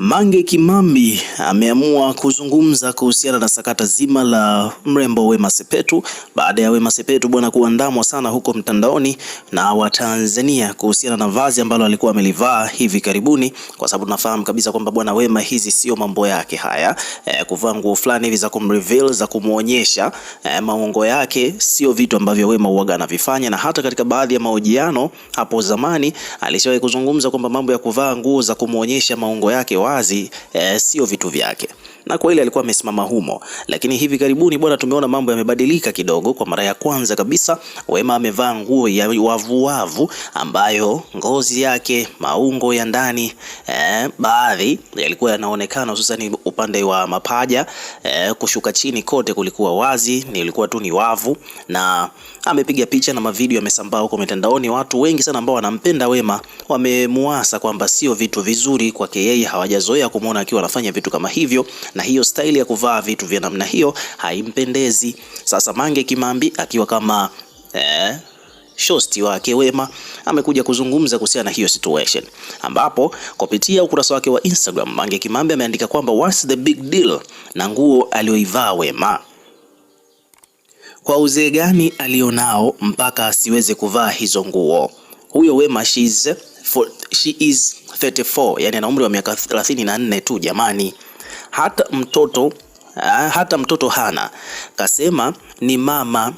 Mange Kimambi ameamua kuzungumza kuhusiana na sakata zima la mrembo Wema Sepetu baada ya Wema Sepetu bwana kuandamwa sana huko mtandaoni na Watanzania kuhusiana na vazi ambalo alikuwa amelivaa hivi karibuni, kwa sababu tunafahamu kabisa kwamba bwana Wema hizi sio mambo yake haya e, kuvaa nguo fulani hivi za kumreveal za kumwonyesha e, maongo yake sio vitu ambavyo Wema huaga anavifanya, na hata katika baadhi ya mahojiano hapo zamani alishawahi kuzungumza kwamba mambo ya kuvaa nguo za kumwonyesha maongo yake wazi e, sio vitu vyake na kweli alikuwa amesimama humo, lakini hivi karibuni bwana, tumeona mambo yamebadilika kidogo. Kwa mara ya kwanza kabisa, Wema amevaa nguo ya wavuwavu ambayo ngozi yake, maungo ya ndani eh, baadhi yalikuwa yanaonekana hususan upande wa mapaja eh, kushuka chini kote kulikuwa wazi, nilikuwa tu ni wavu, na amepiga picha na mavideo yamesambaa huko mitandaoni. Watu wengi sana ambao wanampenda Wema wamemuasa kwamba sio vitu vizuri kwake yeye, hawajazoea kumuona akiwa anafanya vitu kama hivyo na hiyo staili ya kuvaa vitu vya namna hiyo haimpendezi. Sasa Mange Kimambi akiwa kama eh, shosti wake Wema amekuja kuzungumza kuhusiana na hiyo situation, ambapo kupitia ukurasa wake wa Instagram Mange Kimambi ameandika kwamba what's the big deal na nguo aliyoivaa Wema kwa uzee gani alionao mpaka asiweze kuvaa hizo nguo? Huyo Wema she is 34, yani ana umri wa miaka 34 tu jamani hata mtoto eh, hata mtoto hana. Kasema ni mama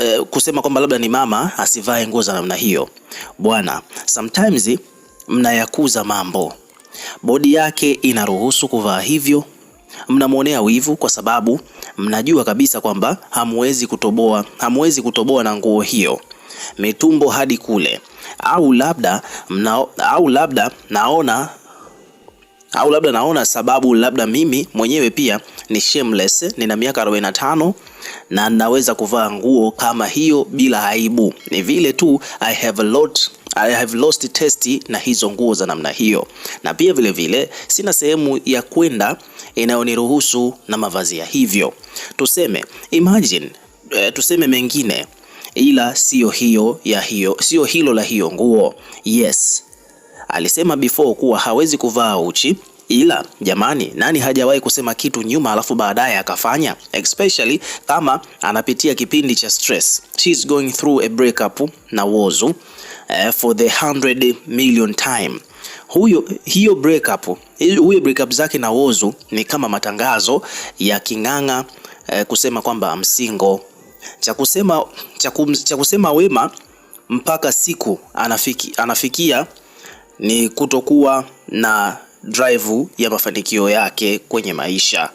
eh, kusema kwamba labda ni mama asivae nguo za namna hiyo. Bwana, sometimes mnayakuza mambo, bodi yake inaruhusu kuvaa hivyo, mnamwonea wivu kwa sababu mnajua kabisa kwamba hamwezi kutoboa, hamwezi kutoboa na nguo hiyo mitumbo hadi kule, au labda mna, au labda naona au labda naona sababu, labda mimi mwenyewe pia ni shameless, nina miaka 45 na naweza kuvaa nguo kama hiyo bila aibu. Ni vile tu I have a lot I have lost testi na hizo nguo za namna hiyo, na pia vile vile sina sehemu ya kwenda inayoniruhusu na mavazi ya hivyo. Tuseme imagine, e, tuseme mengine, ila siyo hiyo ya hiyo, siyo hilo la hiyo nguo. Yes, alisema before kuwa hawezi kuvaa uchi ila jamani, nani hajawahi kusema kitu nyuma alafu baadaye akafanya, especially kama anapitia kipindi cha stress. She is going through a breakup na Whozu uh, eh, for the 100 million time. Huyo hiyo breakup, huyo breakup zake na Whozu ni kama matangazo ya King'ang'a uh, kusema kwamba msingo cha kusema cha kusema wema mpaka siku anafiki, anafikia ni kutokuwa na drive ya mafanikio yake kwenye maisha,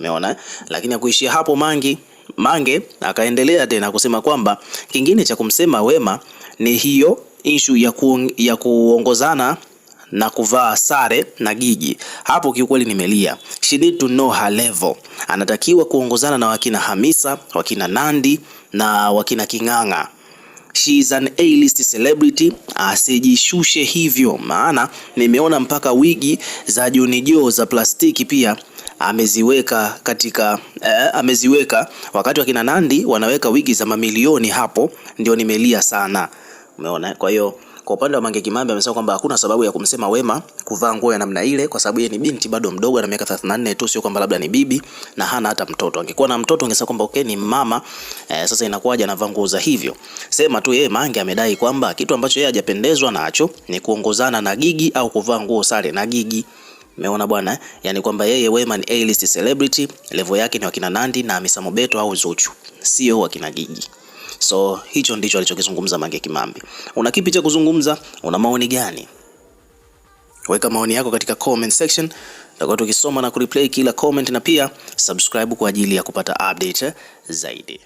umeona. Lakini akuishia hapo Mangi Mange akaendelea tena kusema kwamba kingine cha kumsema Wema ni hiyo ishu ya, ku, ya kuongozana na kuvaa sare na Gigi. Hapo kiukweli nimelia. She need to know her level. Anatakiwa kuongozana na wakina Hamisa, wakina Nandi na wakina King'ang'a she is an A-list celebrity, asijishushe hivyo, maana nimeona mpaka wigi za Junijo za plastiki pia ameziweka katika eh, ameziweka wakati wa kina Nandi wanaweka wigi za mamilioni. Hapo ndio nimelia sana, umeona, kwa hiyo kwa upande wa Mange Kimambi amesema kwamba hakuna sababu ya kumsema Wema kuvaa nguo ya namna ile, kwa sababu yeye ni binti bado mdogo, ana miaka 34 tu, sio kwamba labda ni bibi na hana hata mtoto. Angekuwa na mtoto angesema kwamba okay, ni mama eh, sasa inakuwaje anavaa nguo za hivyo? Sema tu yeye Mange amedai kwamba kitu ambacho yeye hajapendezwa nacho ni kuongozana na Gigi au kuvaa nguo sare na Gigi. Umeona bwana, eh? yani kwamba yeye Wema ni A-list celebrity, level yake ni wakina Nandi na Hamisa Mobeto au Zuchu, sio wakina Gigi. So hicho ndicho alichokizungumza Mange Kimambi. Una kipi cha kuzungumza? Una maoni gani? Weka maoni yako katika comment section, tutakuwa tukisoma na kureplay kila comment, na pia subscribe kwa ajili ya kupata update zaidi.